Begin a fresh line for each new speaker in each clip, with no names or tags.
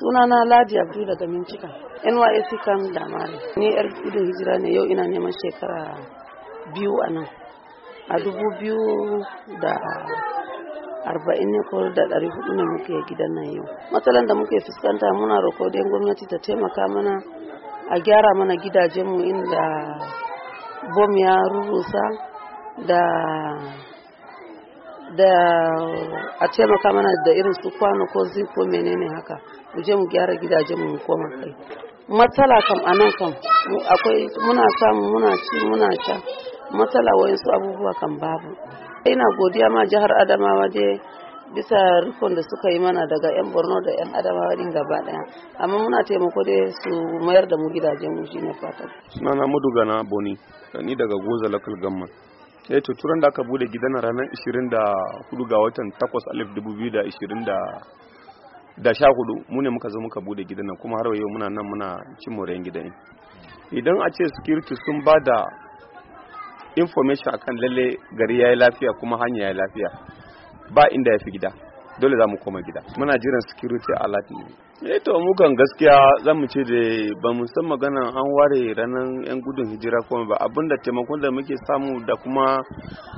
sunana ladi abdu daga mincika nysc kan damar. ni yar gudun hijira ne yau ina neman shekara biyu a nan a dubu biyu da arba'in ne ko da ɗari hudu ne muke gidan nan yau matsalan da muke fuskanta muna rokodin gwamnati ta taimaka mana a gyara mana gidajenmu inda bom ya rurrusa da da a taimaka mana da irin su kwano ko ko menene haka mu je mu gyara gidajen mu koma kai matsala kam a nan kam akwai muna samu muna ci muna sha matsala wayansu abubuwa kan babu ina godiya ma jihar adamawa dai bisa rikon da suka yi mana daga 'yan borno da 'yan adamawa din gaba daya amma muna taimako dai su mayar da mu gidajen mu na fatan
sunana madugana boni ni daga goza local government eh to turan da aka bude gidan ranar 24 ga watan 8 2014 mu ne muka zo muka bude gidan kuma har yau muna nan muna cin morayen gidan idan a ce security sun ba da information akan lalle gari yayi lafiya kuma hanya yayi lafiya ba inda ya fi gida dole za mu koma gida muna jiran security alert ne eh to mu kan gaskiya za mu ce da ba mu san magana an ware ranar yan gudun hijira
kuma ba abinda taimakon da muke samu da kuma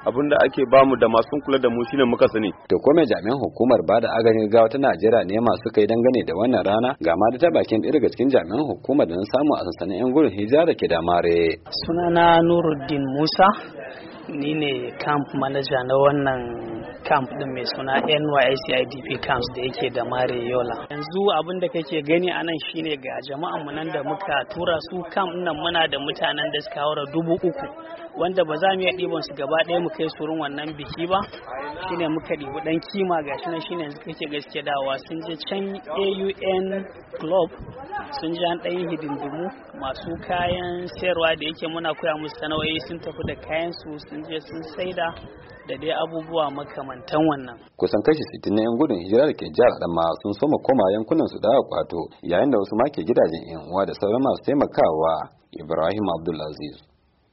abinda ake mu da masu kula da mu shine muka sani to kome jami'an hukumar bada agajin gawa ta Najeriya ne masu kai dangane da wannan rana ga ma da ta bakin ɗaya cikin jami'an hukumar da na samu a sansanin yan gudun hijira da ke da mare
sunana Nuruddin Musa ni ne camp manager na wannan camp din mai suna NYCIDP camps da yake da Mare Yola. Yanzu abin da kake gani a nan shine ga jama'an mu nan da muka tura su camp nan muna da mutanen da suka haura dubu uku wanda ba za mu iya ɗiban su gaba ɗaya mu kai surun wannan biki ba shine muka ɗibu ɗan kima ga shi nan shine suka kake gaske dawa sun je can AUN club sun ji an ɗan hidindimu masu kayan sayarwa da yake muna koya musu sana'o'i sun tafi da kayan su sun je sun saida da dai abubuwa makamantan wannan.
Kusan kashi sittin na 'yan gudun hijira da ke jihar Adama sun soma koma yankunan su da kwato yayin da wasu ma ke gidajen 'yan uwa da sauran masu taimakawa Ibrahim Abdulaziz.